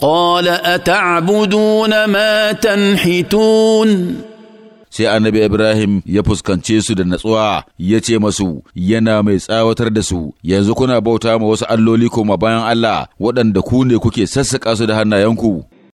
قال أتعبدون ما تنحتون sai annabi Ibrahim ya fuskance su da natsuwa ya ce masu yana mai tsawatar da su yanzu kuna bauta ma wasu alloli koma bayan Allah waɗanda ku ne kuke sassaƙa su da hannayenku